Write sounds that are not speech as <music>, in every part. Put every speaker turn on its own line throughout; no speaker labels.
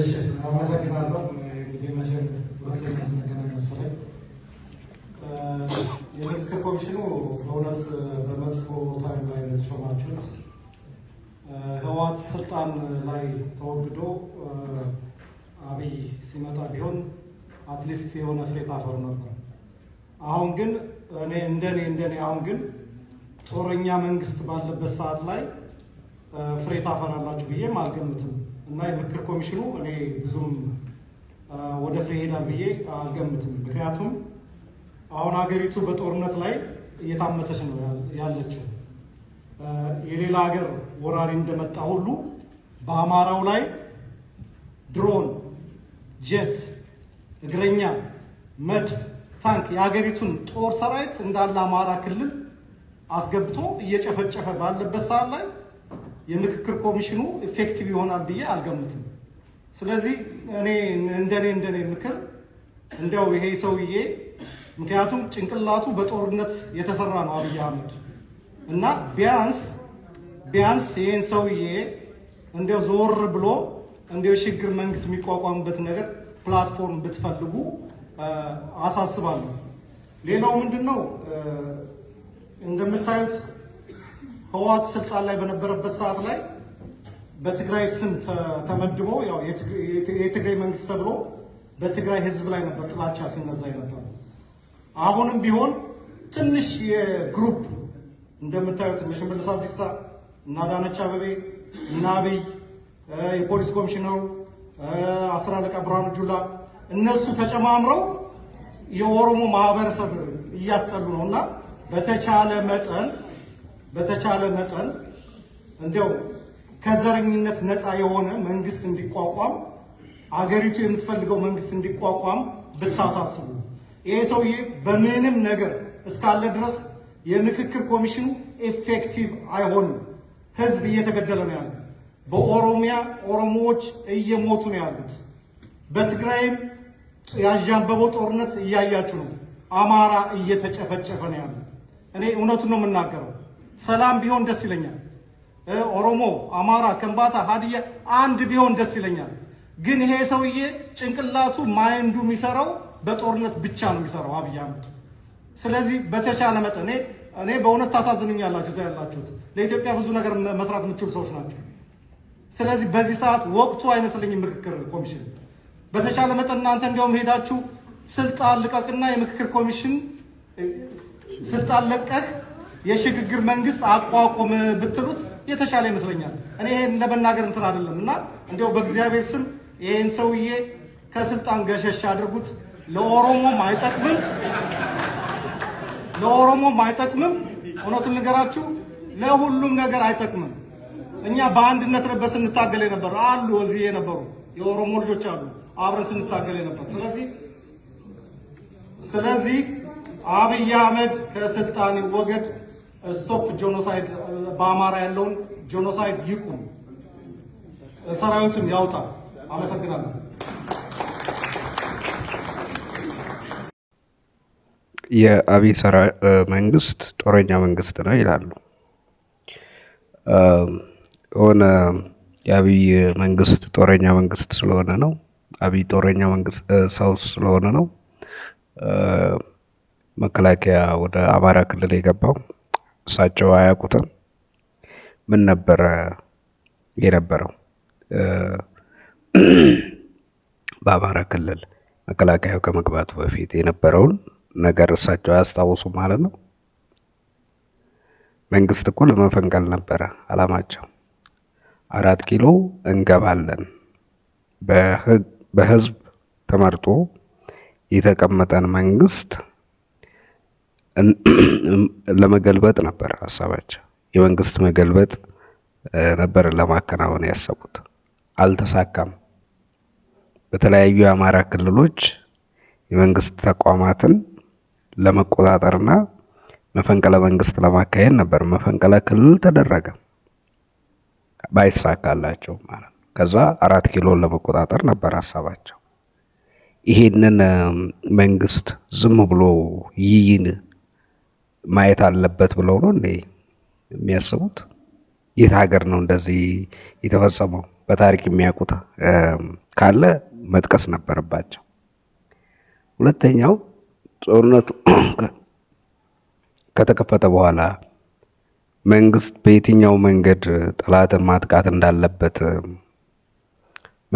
እሺ አመሰግናለሁ። እንግዲህ መቼም ወቅት መገናኘት መሰለኝ። የምክክር ኮሚሽኑ በእውነት በመጥፎ ታይም ላይ የተሾማችሁት ህወሓት ስልጣን ላይ ተወግዶ አብይ ሲመጣ ቢሆን አትሊስት የሆነ ፍሬ ታፈሩ ነበር። አሁን ግን እኔ እንደኔ እንደኔ አሁን ግን ጦረኛ መንግስት ባለበት ሰዓት ላይ ፍሬ ታፈራላችሁ ብዬም አልገምትም። እና የምክር ኮሚሽኑ እኔ ብዙም ወደ ፍሬ ይሄዳል ብዬ አልገምትም። ምክንያቱም አሁን ሀገሪቱ በጦርነት ላይ እየታመሰች ነው ያለችው። የሌላ ሀገር ወራሪ እንደመጣ ሁሉ በአማራው ላይ ድሮን፣ ጀት፣ እግረኛ፣ መድፍ፣ ታንክ የሀገሪቱን ጦር ሰራዊት እንዳለ አማራ ክልል አስገብቶ እየጨፈጨፈ ባለበት ሰዓት ላይ የምክክር ኮሚሽኑ ኢፌክቲቭ ይሆናል ብዬ አልገምትም። ስለዚህ እኔ እንደኔ እንደኔ ምክር እንደው ይሄ ሰውዬ ምክንያቱም ጭንቅላቱ በጦርነት የተሰራ ነው አብይ አህመድ እና ቢያንስ ቢያንስ ይህን ሰውዬ እንደው ዞር ብሎ እንደው የሽግግር መንግስት የሚቋቋምበት ነገር ፕላትፎርም ብትፈልጉ አሳስባለሁ። ሌላው ምንድን ነው እንደምታዩት ህወሓት ስልጣን ላይ በነበረበት ሰዓት ላይ በትግራይ ስም ተመድቦ ያው የትግራይ መንግስት ተብሎ በትግራይ ህዝብ ላይ ነበር ጥላቻ ሲነዛ የነበረ። አሁንም ቢሆን ትንሽ የግሩፕ እንደምታዩት እነ ሽመልስ አብዲሳ እና አዳነች አበቤ እና አብይ የፖሊስ ኮሚሽነሩ አስር አለቃ ብርሃኑ ጁላ እነሱ ተጨማምረው የኦሮሞ ማህበረሰብ እያስጠሉ ነው እና በተቻለ መጠን በተቻለ መጠን እንዲያው ከዘረኝነት ነፃ የሆነ መንግስት እንዲቋቋም አገሪቱ የምትፈልገው መንግስት እንዲቋቋም ብታሳስቡ። ይሄ ሰውዬ በምንም ነገር እስካለ ድረስ የምክክር ኮሚሽኑ ኤፌክቲቭ አይሆንም። ህዝብ እየተገደለ ነው ያለው። በኦሮሚያ ኦሮሞዎች እየሞቱ ነው ያሉት። በትግራይም ያዣንበበው ጦርነት እያያችሁ ነው። አማራ እየተጨፈጨፈ ነው ያለው። እኔ እውነቱን ነው የምናገረው። ሰላም ቢሆን ደስ ይለኛል። ኦሮሞ፣ አማራ፣ ከምባታ፣ ሀዲያ አንድ ቢሆን ደስ ይለኛል። ግን ይሄ ሰውዬ ጭንቅላቱ ማይንዱ የሚሰራው በጦርነት ብቻ ነው የሚሰራው አብይ አህመድ። ስለዚህ በተሻለ መጠን እኔ በእውነት ታሳዝንኛላችሁ እዛ ያላችሁት ለኢትዮጵያ ብዙ ነገር መስራት የምችሉ ሰዎች ናቸው። ስለዚህ በዚህ ሰዓት ወቅቱ አይመስለኝም ምክክር ኮሚሽን። በተሻለ መጠን እናንተ እንዲያውም ሄዳችሁ ስልጣን ልቀቅና የምክክር ኮሚሽን ስልጣን ለቀህ የሽግግር መንግስት አቋቁም ብትሉት የተሻለ ይመስለኛል። እኔ ይሄን ለመናገር እንትን አይደለም እና እንዲያው በእግዚአብሔር ስም ይሄን ሰውዬ ከስልጣን ገሸሽ አድርጉት። ለኦሮሞም አይጠቅምም፣ ለኦሮሞም አይጠቅምም። እውነቱን ልንገራችሁ፣ ለሁሉም ነገር አይጠቅምም። እኛ በአንድነት ነበር ስንታገል የነበር አሉ፣ እዚህ የነበሩ የኦሮሞ ልጆች አሉ፣ አብረን ስንታገል የነበር። ስለዚህ ስለዚህ አብይ አህመድ ከስልጣን ይወገድ።
ስቶፕ ጆኖሳይድ በአማራ ያለውን ጆኖሳይድ ይቁም፣ ሰራዊቱን ያውጣ። አመሰግናለሁ። የአብይ ሰራ መንግስት ጦረኛ መንግስት ነው ይላሉ። የሆነ የአብይ መንግስት ጦረኛ መንግስት ስለሆነ ነው። አብይ ጦረኛ መንግስት ሰው ስለሆነ ነው መከላከያ ወደ አማራ ክልል የገባው። እሳቸው አያውቁትም። ምን ነበረ የነበረው? በአማራ ክልል መከላከያው ከመግባቱ በፊት የነበረውን ነገር እሳቸው አያስታውሱ ማለት ነው። መንግስት እኮ ለመፈንቀል ነበረ አላማቸው። አራት ኪሎ እንገባለን በህዝብ ተመርጦ የተቀመጠን መንግስት ለመገልበጥ ነበር ሀሳባቸው። የመንግስት መገልበጥ ነበር ለማከናወን ያሰቡት፣ አልተሳካም። በተለያዩ የአማራ ክልሎች የመንግስት ተቋማትን ለመቆጣጠርና መፈንቅለ መንግስት ለማካሄድ ነበር መፈንቅለ ክልል ተደረገ። ባይሳካላቸው ማለት ነው። ከዛ አራት ኪሎን ለመቆጣጠር ነበር ሀሳባቸው። ይሄንን መንግስት ዝም ብሎ ይይን ማየት አለበት ብለው ነው እንዴ የሚያስቡት? የት ሀገር ነው እንደዚህ የተፈጸመው? በታሪክ የሚያውቁት ካለ መጥቀስ ነበረባቸው። ሁለተኛው ጦርነቱ <clears throat> ከተከፈተ በኋላ መንግስት በየትኛው መንገድ ጠላትን ማጥቃት እንዳለበት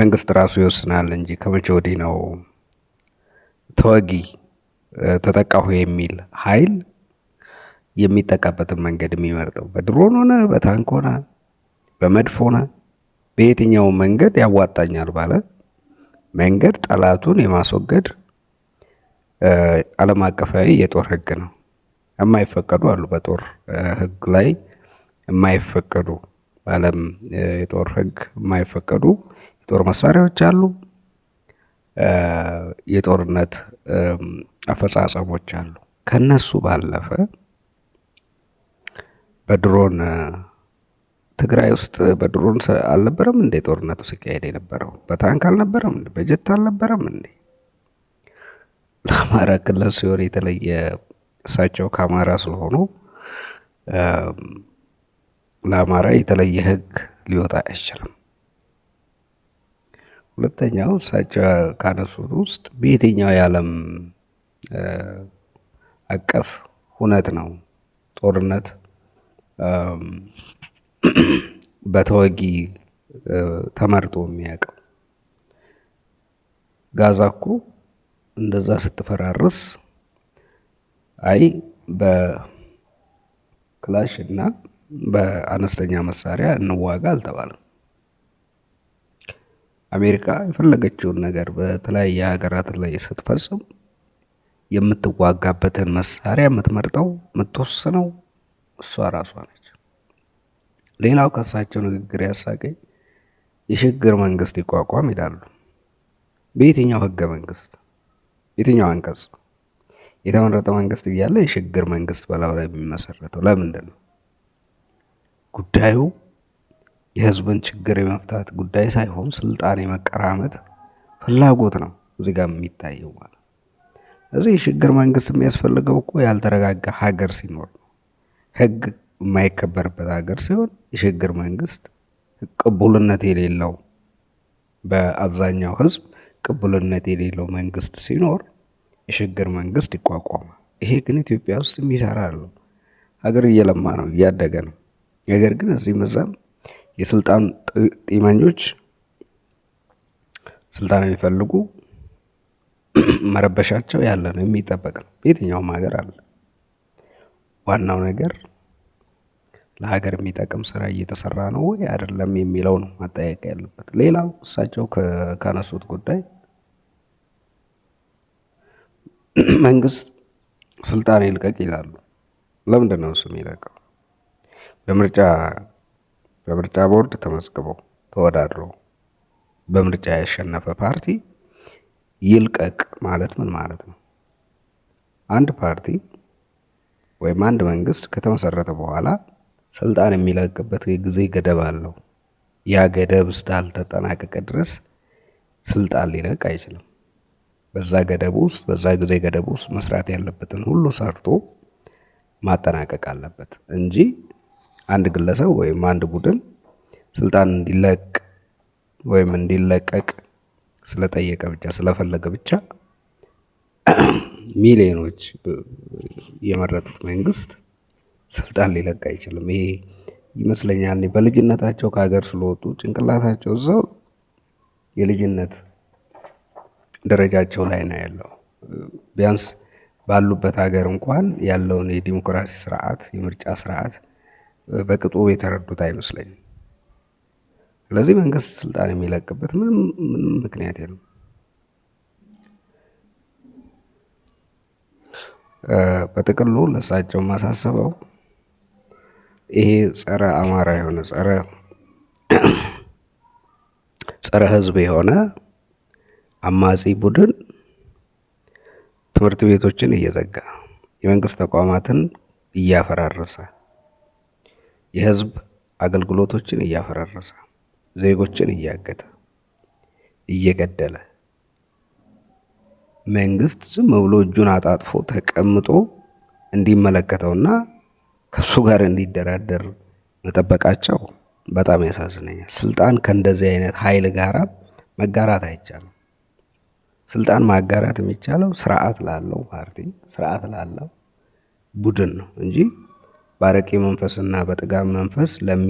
መንግስት ራሱ ይወስናል እንጂ ከመቼ ወዲህ ነው ተወጊ ተጠቃሁ የሚል ኃይል የሚጠቃበትን መንገድ የሚመርጠው በድሮን ሆነ በታንክ ሆነ በመድፍ ሆነ በየትኛው መንገድ ያዋጣኛል ባለ መንገድ ጠላቱን የማስወገድ ዓለም አቀፋዊ የጦር ሕግ ነው። የማይፈቀዱ አሉ። በጦር ሕግ ላይ የማይፈቀዱ በዓለም የጦር ሕግ የማይፈቀዱ የጦር መሳሪያዎች አሉ። የጦርነት አፈጻጸሞች አሉ። ከነሱ ባለፈ በድሮን ትግራይ ውስጥ በድሮን አልነበረም እንዴ ጦርነቱ ሲካሄድ የነበረው? በታንክ አልነበረም? በጀት አልነበረም እንዴ? ለአማራ ክልል ሲሆን የተለየ እሳቸው ከአማራ ስለሆኑ ለአማራ የተለየ ህግ ሊወጣ አይችልም። ሁለተኛው እሳቸው ካነሱት ውስጥ በየትኛው የዓለም አቀፍ ሁነት ነው ጦርነት በተወጊ ተመርጦ የሚያውቀው ጋዛ እኮ እንደዛ ስትፈራርስ አይ በክላሽ እና በአነስተኛ መሳሪያ እንዋጋ አልተባለም። አሜሪካ የፈለገችውን ነገር በተለያየ ሀገራት ላይ ስትፈጽም የምትዋጋበትን መሳሪያ የምትመርጠው የምትወስነው እሷ ራሷ ነች። ሌላው ከእሳቸው ንግግር ያሳቀኝ የሽግግር መንግስት ይቋቋም ይላሉ። በየትኛው ህገ መንግስት የትኛው አንቀጽ የተመረጠ መንግስት እያለ የሽግግር መንግስት በላው ላይ የሚመሰረተው ለምንድን ነው? ጉዳዩ የህዝብን ችግር የመፍታት ጉዳይ ሳይሆን ስልጣን የመቀራመት ፍላጎት ነው እዚህ ጋር የሚታየው ማለት እዚህ የሽግግር መንግስት የሚያስፈልገው እኮ ያልተረጋጋ ሀገር ሲኖር ህግ የማይከበርበት ሀገር ሲሆን የሽግግር መንግስት ቅቡልነት የሌለው በአብዛኛው ህዝብ ቅቡልነት የሌለው መንግስት ሲኖር የሽግግር መንግስት ይቋቋማል። ይሄ ግን ኢትዮጵያ ውስጥ የሚሰራ አይደለም። ሀገር እየለማ ነው፣ እያደገ ነው። ነገር ግን እዚህም እዛም የስልጣን ጢመኞች ስልጣን የሚፈልጉ መረበሻቸው ያለ ነው፣ የሚጠበቅ ነው። በየትኛውም ሀገር አለ። ዋናው ነገር ለሀገር የሚጠቅም ስራ እየተሰራ ነው ወይ አይደለም የሚለው ነው መጠየቅ ያለበት። ሌላው እሳቸው ካነሱት ጉዳይ መንግስት ስልጣን ይልቀቅ ይላሉ። ለምንድን ነው እሱ የሚለቀው? በምርጫ በምርጫ ቦርድ ተመዝግበው ተወዳድሮ በምርጫ ያሸነፈ ፓርቲ ይልቀቅ ማለት ምን ማለት ነው? አንድ ፓርቲ ወይም አንድ መንግስት ከተመሰረተ በኋላ ስልጣን የሚለቅበት ጊዜ ገደብ አለው። ያ ገደብ እስካልተጠናቀቀ ድረስ ስልጣን ሊለቅ አይችልም። በዛ ገደብ ውስጥ በዛ ጊዜ ገደብ ውስጥ መስራት ያለበትን ሁሉ ሰርቶ ማጠናቀቅ አለበት እንጂ አንድ ግለሰብ ወይም አንድ ቡድን ስልጣን እንዲለቅ ወይም እንዲለቀቅ ስለጠየቀ ብቻ ስለፈለገ ብቻ ሚሊዮኖች የመረጡት መንግስት ስልጣን ሊለቅ አይችልም። ይሄ ይመስለኛል በልጅነታቸው ከሀገር ስለወጡ ጭንቅላታቸው እዛው የልጅነት ደረጃቸው ላይ ነው ያለው። ቢያንስ ባሉበት ሀገር እንኳን ያለውን የዲሞክራሲ ስርዓት የምርጫ ስርዓት በቅጡ የተረዱት አይመስለኝም። ስለዚህ መንግስት ስልጣን የሚለቅበት ምንም ምንም ምክንያት የለም። በጥቅሉ ለእሳቸው ማሳሰበው ይሄ ጸረ አማራ የሆነ ጸረ <clears throat> ጸረ ህዝብ የሆነ አማጺ ቡድን ትምህርት ቤቶችን እየዘጋ የመንግስት ተቋማትን እያፈራረሰ የህዝብ አገልግሎቶችን እያፈራረሰ ዜጎችን እያገተ እየገደለ መንግስት ዝም ብሎ እጁን አጣጥፎ ተቀምጦ እንዲመለከተውና ከሱ ጋር እንዲደራደር መጠበቃቸው በጣም ያሳዝነኛል። ስልጣን ከእንደዚህ አይነት ኃይል ጋራ መጋራት አይቻልም። ስልጣን ማጋራት የሚቻለው ስርዓት ላለው ፓርቲ፣ ስርዓት ላለው ቡድን ነው እንጂ በአረቄ መንፈስና በጥጋብ መንፈስ ለሚ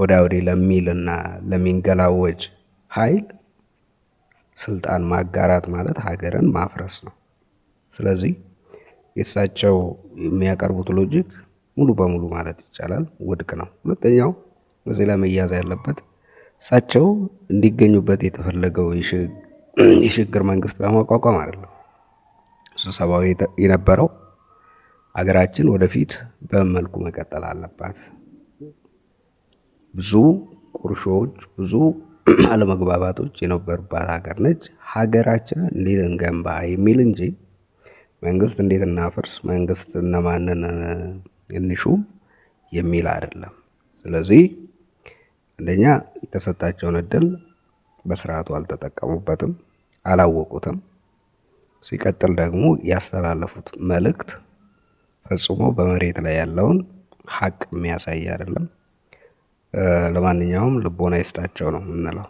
ወዳ ወዴ ለሚልና ለሚንገላወጅ ኃይል ስልጣን ማጋራት ማለት ሀገርን ማፍረስ ነው። ስለዚህ የእሳቸው የሚያቀርቡት ሎጂክ ሙሉ በሙሉ ማለት ይቻላል ውድቅ ነው። ሁለተኛው በዚህ ላይ መያዝ ያለበት እሳቸው እንዲገኙበት የተፈለገው የሽግግር መንግስት ለማቋቋም አይደለም። ስብሰባው የነበረው ሀገራችን ወደፊት በመልኩ መቀጠል አለባት ብዙ ቁርሾዎች ብዙ አለመግባባቶች የነበሩባት ሀገር ነች። ሀገራችን እንዴት እንገንባ የሚል እንጂ መንግስት እንዴት እናፍርስ፣ መንግስት እነማንን እንሹም የሚል አይደለም። ስለዚህ አንደኛ የተሰጣቸውን እድል በስርዓቱ አልተጠቀሙበትም፣ አላወቁትም። ሲቀጥል ደግሞ ያስተላለፉት መልእክት ፈጽሞ በመሬት ላይ ያለውን ሀቅ የሚያሳይ አይደለም። ለማንኛውም ልቦና ይስጣቸው ነው የምንለው